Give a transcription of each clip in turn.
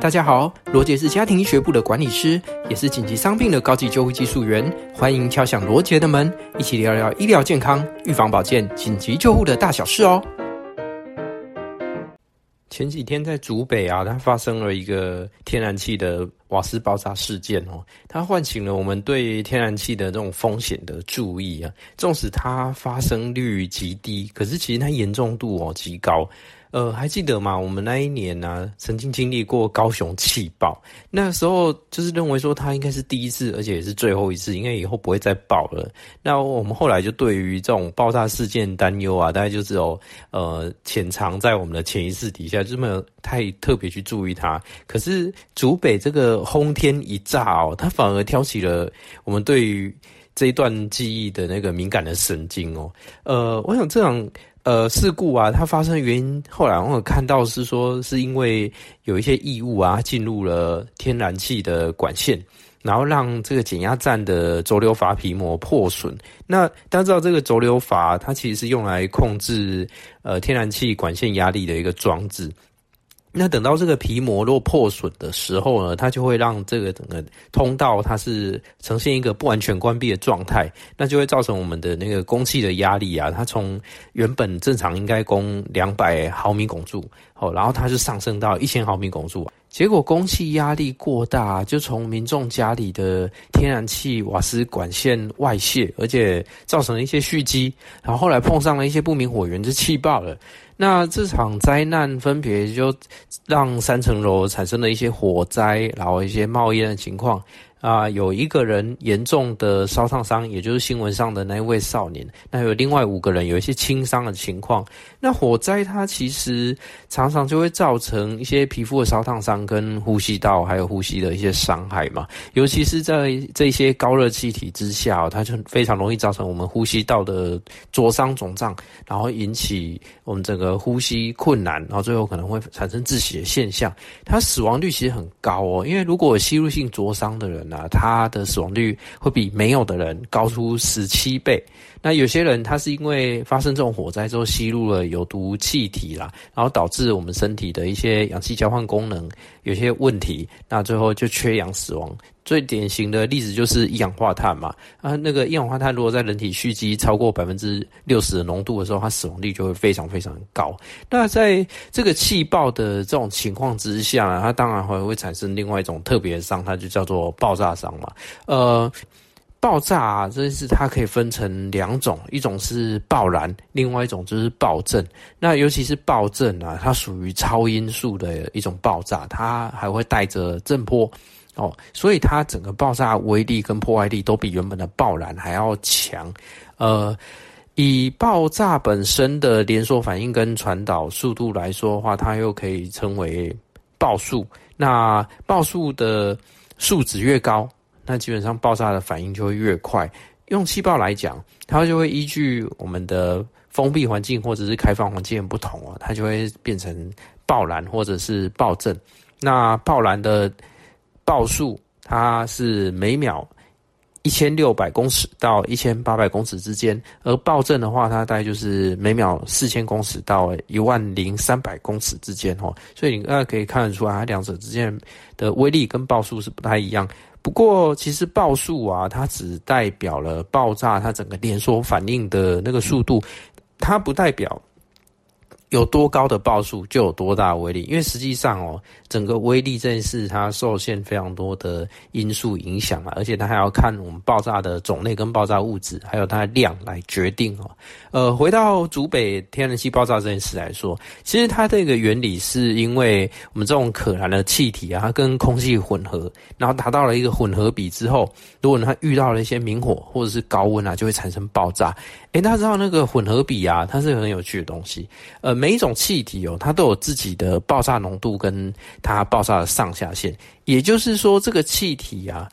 大家好，羅傑是家庭醫學部的管理師，也是緊急傷病的高級救護技術員。歡迎敲響羅傑的門，一起聊聊醫療健康、預防保健、緊急救護的大小事哦。前幾天在竹北啊，它發生了一個天然氣的瓦斯爆炸事件哦、喔，它喚醒了我們對天然氣的這種風險的注意啊。縱使它發生率極低，可是其實它嚴重度哦、喔、極高。呃，還記得嗎？我們那一年呢、啊，曾經經歷過高雄氣爆，那時候就是認為說它應該是第一次，而且也是最後一次，應該以後不會再爆了。那我們後來就對於這種爆炸事件擔憂啊，大概就是哦，呃，潛藏在我們的潛意識底下，就沒有太特別去注意它。可是竹北這個。轟天一炸哦，它反而挑起了我們對於這一段記憶的那個敏感的神經哦。呃，我想這場呃，事故啊，它發生的原因，後來我有看到是說，是因為有一些異物啊進入了天然氣的管線，然後讓這個減壓站的軸流閥皮膜破損。那大家知道，這個軸流閥它其實是用來控制呃天然氣管線壓力的一個裝置。那等到這個皮膜若破損的時候呢，它就會讓這個整個通道它是呈現一個不完全關閉的狀態，那就會造成我們的那個供氣的壓力啊，它從原本正常應該供兩百毫米汞柱，然後它是上升到一千毫米汞柱，結果供氣壓力過大，就從民眾家裡的天然氣瓦斯管線外洩，而且造成了一些蓄積，然後後來碰上了一些不明火源就氣爆了。那這場災難分別就讓三層樓產生了一些火災，然後一些冒煙的情況。啊，有一個人嚴重的燒燙傷，也就是新聞上的那位少年。那有另外五個人有一些輕傷的情況。那火災它其實常常就會造成一些皮膚的燒燙傷，跟呼吸道還有呼吸的一些傷害嘛。尤其是在這些高熱氣體之下，它就非常容易造成我們呼吸道的灼傷腫脹，然後引起我們整個呼吸困難，然後最後可能會產生窒息的現象。它死亡率其實很高哦、喔，因為如果有吸入性灼傷的人、啊啊，他的死亡率會比沒有的人高出十七倍。那有些人他是因為發生這種火災之後吸入了有毒氣體啦，然後導致我們身體的一些氧氣交換功能有些問題，那最後就缺氧死亡。最典型的例子就是一氧化碳嘛啊，那,那個一氧化碳如果在人體蓄積超過百分之六十的濃度的時候，它死亡率就會非常非常高。那在這個氣爆的這種情況之下呢，它當然還會產生另外一種特別的傷，它就叫做爆炸傷嘛，呃。爆炸啊，這是它可以分成兩種，一種是爆燃，另外一種就是爆震。那尤其是爆震啊，它屬於超音速的一種爆炸，它還會帶着震波哦，所以它整個爆炸威力跟破壞力都比原本的爆燃還要強。呃，以爆炸本身的連鎖反應跟傳導速度來說的話，它又可以稱為爆速。那爆速的數值越高。那基本上爆炸的反應就會越快。用氣爆來講，它就會依據我們的封閉環境或者是開放環境不同哦，它就會變成爆燃或者是爆震。那爆燃的爆速，它是每秒。一千六百公尺到一千八百公尺之間，而爆震的話，它大概就是每秒四千公尺到一萬零三百公尺之間哈，所以你大概可以看得出來，它兩者之間的威力跟爆速是不太一樣。不過，其實爆速啊，它只代表了爆炸它整個連鎖反應的那個速度，它不代表，有多高的爆速，就有多大的威力，因為實際上哦、喔，整個威力這件事，它受限非常多的因素影響了，而且它還要看我們爆炸的種類跟爆炸物質，還有它的量來決定哦、喔。呃，回到竹北天然氣爆炸這件事來說，其實它這個原理是因為我們這種可燃的氣體啊，它跟空氣混合，然後達到了一個混合比之後，如果它遇到了一些明火或者是高溫啊，就會產生爆炸。誒、欸，大家知道那個混合比啊，它是很有趣的東西，呃。每一種氣體哦、喔，它都有自己的爆炸濃度跟它爆炸的上下限，也就是說，這個氣體啊，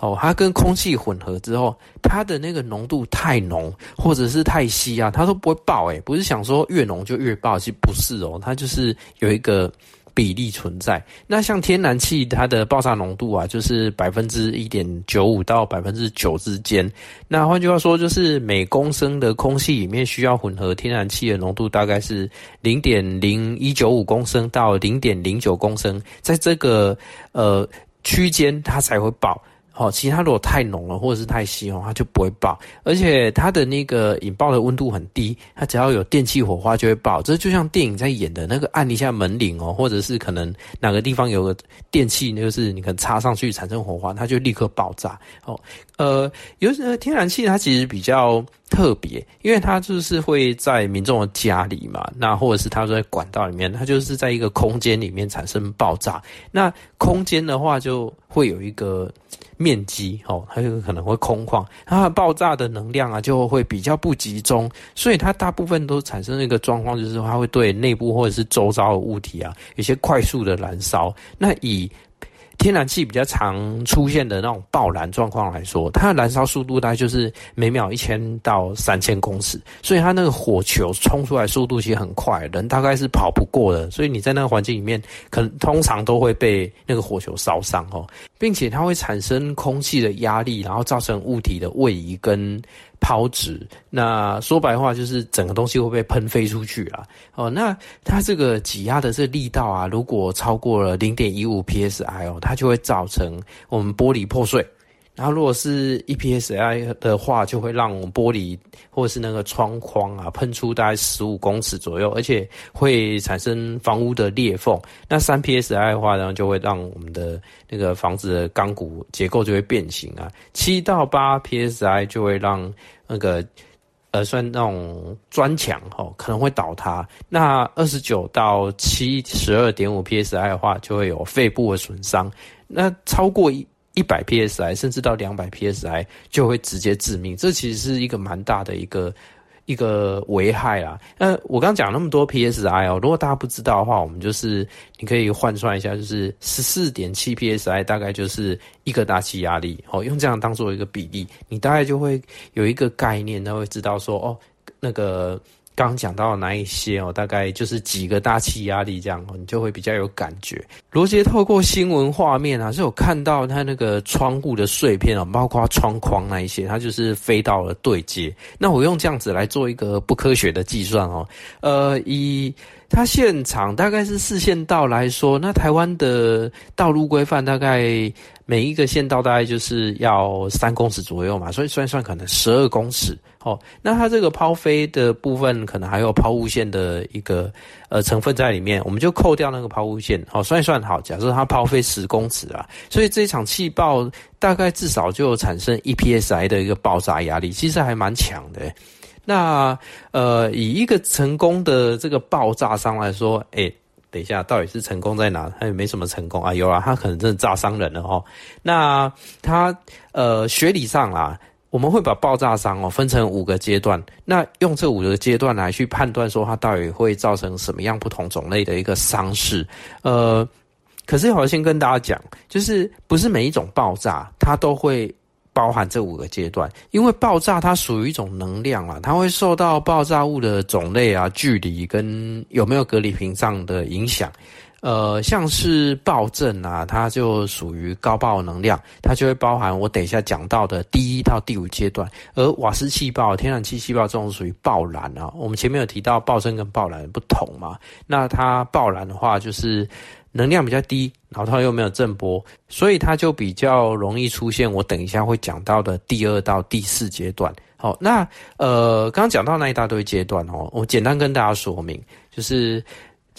哦、喔，它跟空氣混合之後，它的那個濃度太濃或者是太稀啊，它都不會爆、欸。誒，不是想說越濃就越爆，其實不是哦、喔，它就是有一個。比例存在。那像天然氣，它的爆炸濃度啊，就是百分之一點九五到百分之九之間。那換句話說，就是每公升的空氣裡面需要混合天然氣的濃度，大概是零點零一九五公升到零點零九公升，在這個呃區間，它才會爆。哦，其實它如果太濃了或者是太稀，它就不會爆。而且它的那個引爆的溫度很低，它只要有電氣火花就會爆。這就像電影在演的那個，按一下門鈴哦，或者是可能哪個地方有個電器，就是你可能插上去產生火花，它就立刻爆炸哦。呃，尤其天然氣它其實比較特別，因為它就是會在民眾的家裡嘛，那或者是它是在管道裡面，它就是在一個空間裡面產生爆炸。那空間的話就。會有一個面積哦，它有可能會空曠，它爆炸的能量啊就會比較不集中，所以它大部分都產生了一個狀況，就是它會對內部或者是周遭的物體啊有些快速的燃燒。那以天然氣比較常出現的那種爆燃狀況來說，它的燃燒速度大概就是每秒一千到三千公尺，所以它那個火球衝出來速度其實很快，人大概是跑不過的，所以你在那個環境裡面，可能通常都會被那個火球燒傷哦，並且它會產生空氣的壓力，然後造成物體的位移跟超值，那說白話就是整個東西會被噴飛出去啦、啊。哦，那它這個擠壓的這個力道啊，如果超過了零點一五 psi 哦，它就會造成我們玻璃破碎。然後如果是一 psi 的話，就會讓我們玻璃或者是那個窗框啊噴出大概十五公尺左右，而且會產生房屋的裂縫。那三 psi 的話呢，就會讓我們的那個房子的鋼骨結構就會變形啊。七到八 psi 就會讓那個，呃，算那種磚牆吼，可能會倒塌。那二十九到七十二點五 psi 的話，就會有肺部的損傷。那超過一一百 psi，甚至到兩百 psi，就會直接致命。這其實是一個蠻大的一個。一個危害啦，那我剛講那麼多 PSI 哦，如果大家不知道的話，我們就是你可以換算一下，就是十四點七 PSI 大概就是一個大氣壓力好，用這樣當做一個比例，你大概就會有一個概念，他會知道說哦，那個。剛講到哪一些哦？大概就是幾個大氣壓力這樣，你就會比較有感覺。羅傑透過新聞畫面啊，是有看到他那個窗戶的碎片啊、哦，包括窗框那一些，他就是飛到了對接。那我用這樣子來做一個不科學的計算哦，呃，以他現場大概是四線道來說，那台灣的道路規範大概每一個線道大概就是要三公尺左右嘛，所以算算可能十二公尺。哦，那它這個拋飛的部分可能還有拋物線的一個呃成分在裡面，我們就扣掉那個拋物線哦，算一算好，假設它拋飛十公尺啊，所以這場氣爆大概至少就產生 e psi 的一個爆炸壓力，其實還蠻強的。那呃，以一個成功的這個爆炸傷來說，哎，等一下到底是成功在哪？哎，沒什麼成功啊，有啊，他可能真的炸傷人了哦。那他呃，學理上啊。我們會把爆炸傷哦分成五個階段，那用這五個階段來去判斷說它到底會造成什麼樣不同種類的一個傷勢。呃，可是我先跟大家講，就是不是每一種爆炸它都會包含這五個階段，因為爆炸它屬於一種能量啊，它會受到爆炸物的種類啊、距離跟有沒有隔離屏障的影響。呃，像是爆震啊，它就屬於高爆能量，它就會包含我等一下講到的第一到第五階段。而瓦斯氣爆、天然氣氣爆這種屬於爆燃啊。我們前面有提到爆震跟爆燃不同嘛，那它爆燃的話，就是能量比較低，然後它又沒有震波，所以它就比較容易出現。我等一下會講到的第二到第四階段。好、哦，那呃，剛剛講到那一大堆階段哦，我簡單跟大家說明，就是。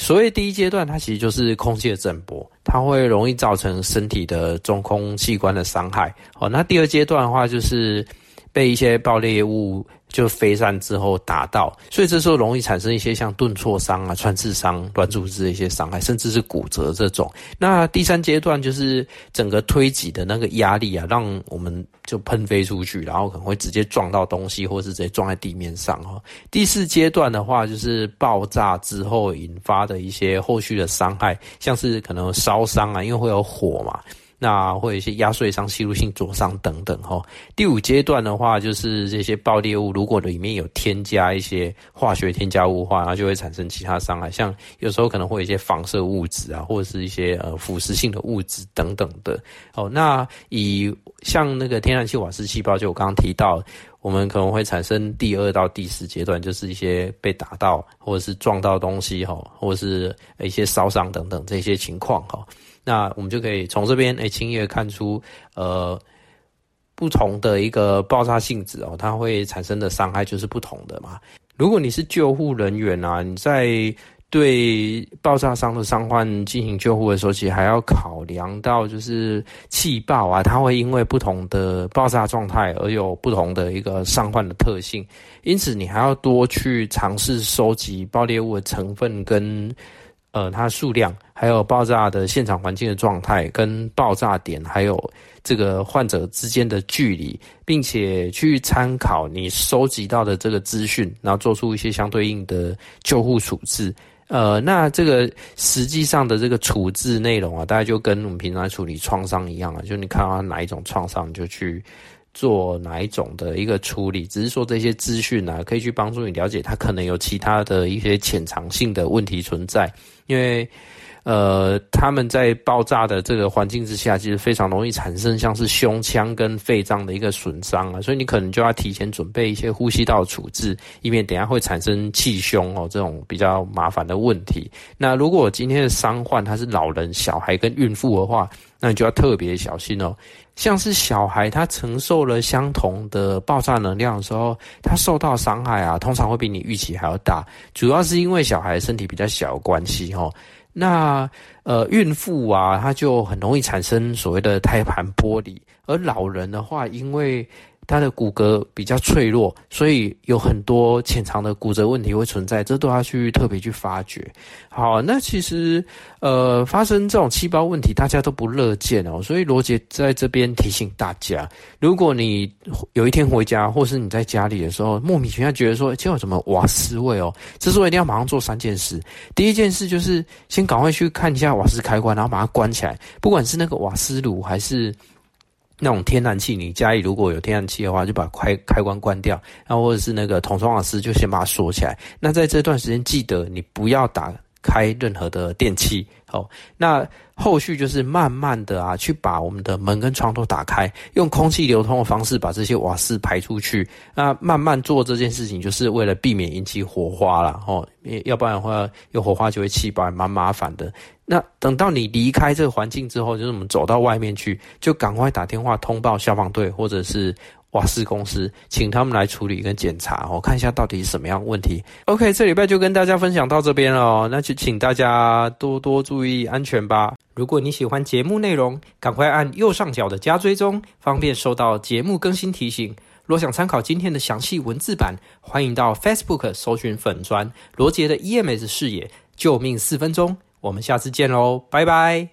所以第一階段，它其實就是空氣的震波，它會容易造成身體的中空器官的傷害。好、哦，那第二階段的話，就是被一些爆裂物。就飛散之後打到，所以這時候容易產生一些像鈍挫傷啊、穿刺傷、軟組織的一些傷害，甚至是骨折這種。那第三階段就是整個推擠的那個壓力啊，讓我們就噴飛出去，然後可能會直接撞到東西，或是直接撞在地面上哈。第四階段的話，就是爆炸之後引發的一些後續的傷害，像是可能燒傷啊，因為會有火嘛。那會有一些壓碎傷、吸入性灼傷等等哈。第五階段的話，就是這些爆裂物如果裡面有添加一些化學添加物的話，那就會產生其他傷害，像有時候可能會有一些放射物質啊，或者是一些呃腐蝕性的物質等等的。哦，那以像那個天然氣瓦斯氣爆，就我剛剛提到，我們可能會產生第二到第四階段，就是一些被打到或者是撞到東西哈，或者是一些燒傷等等這些情況哈。那我們就可以從這邊哎，輕易地看出呃不同的一個爆炸性質哦、喔，它會產生的傷害就是不同的嘛。如果你是救護人員啊，你在對爆炸傷的傷患進行救護的時候，其實還要考量到就是氣爆啊，它會因為不同的爆炸狀態而有不同的一個傷患的特性，因此你還要多去嘗試收集爆裂物的成分跟。呃，它數量還有爆炸的現場環境的狀態，跟爆炸點還有這個患者之間的距離，並且去參考你收集到的這個資訊，然後做出一些相對應的救護處置。呃，那這個實際上的這個處置內容啊，大概就跟我們平常處理創傷一樣啊，就你看到他哪一種創傷，你就去。做哪一種的一個處理，只是說這些資訊啊，可以去幫助你了解，它可能有其他的一些潛藏性的問題存在。因為，呃，他們在爆炸的這個環境之下，其實非常容易產生像是胸腔跟肺臟的一個損傷啊，所以你可能就要提前準備一些呼吸道處置，以免等下會產生氣胸哦，這種比較麻煩的問題。那如果今天的傷患他是老人、小孩跟孕婦的話，那你就要特別小心哦。像是小孩，他承受了相同的爆炸能量的時候，他受到傷害啊，通常會比你預期還要大，主要是因為小孩身體比較小關係齁。那呃，孕婦啊，他就很容易產生所謂的胎盤剝離，而老人的話，因為，它的骨骼比較脆弱，所以有很多潛藏的骨折問題會存在，這都要去特別去發掘。好，那其實呃發生這種氣爆問題，大家都不樂見哦。所以羅傑在這邊提醒大家，如果你有一天回家，或是你在家裡的時候，莫名其妙覺得說，這有什麼瓦斯味哦，這時候一定要馬上做三件事。第一件事就是先趕快去看一下瓦斯開關，然後把它關起來，不管是那個瓦斯爐還是。那種天然氣，你家裡如果有天然氣的話，就把開開關關掉，然、啊、後或者是那個桶裝瓦斯，就先把它鎖起來。那在這段時間，記得你不要打。開任何的電器，好，那後續就是慢慢的啊，去把我們的門跟窗都打開，用空氣流通的方式把這些瓦斯排出去。那慢慢做這件事情，就是為了避免引起火花啦，哦，要不然的話有火花就會氣爆，蠻麻煩的。那等到你離開這個環境之後，就是我們走到外面去，就趕快打電話通報消防隊或者是。瓦斯公司，請他們來處理跟檢查，我、哦、看一下到底什麼樣問題。OK，這禮拜就跟大家分享到這邊了，那就請大家多多注意安全吧。如果你喜歡節目內容，趕快按右上角的加追蹤，方便收到節目更新提醒。若想參考今天的詳細文字版，歡迎到 Facebook 搜尋粉專羅傑的 EMS 視野救命四分鐘。我們下次見嘍，拜拜。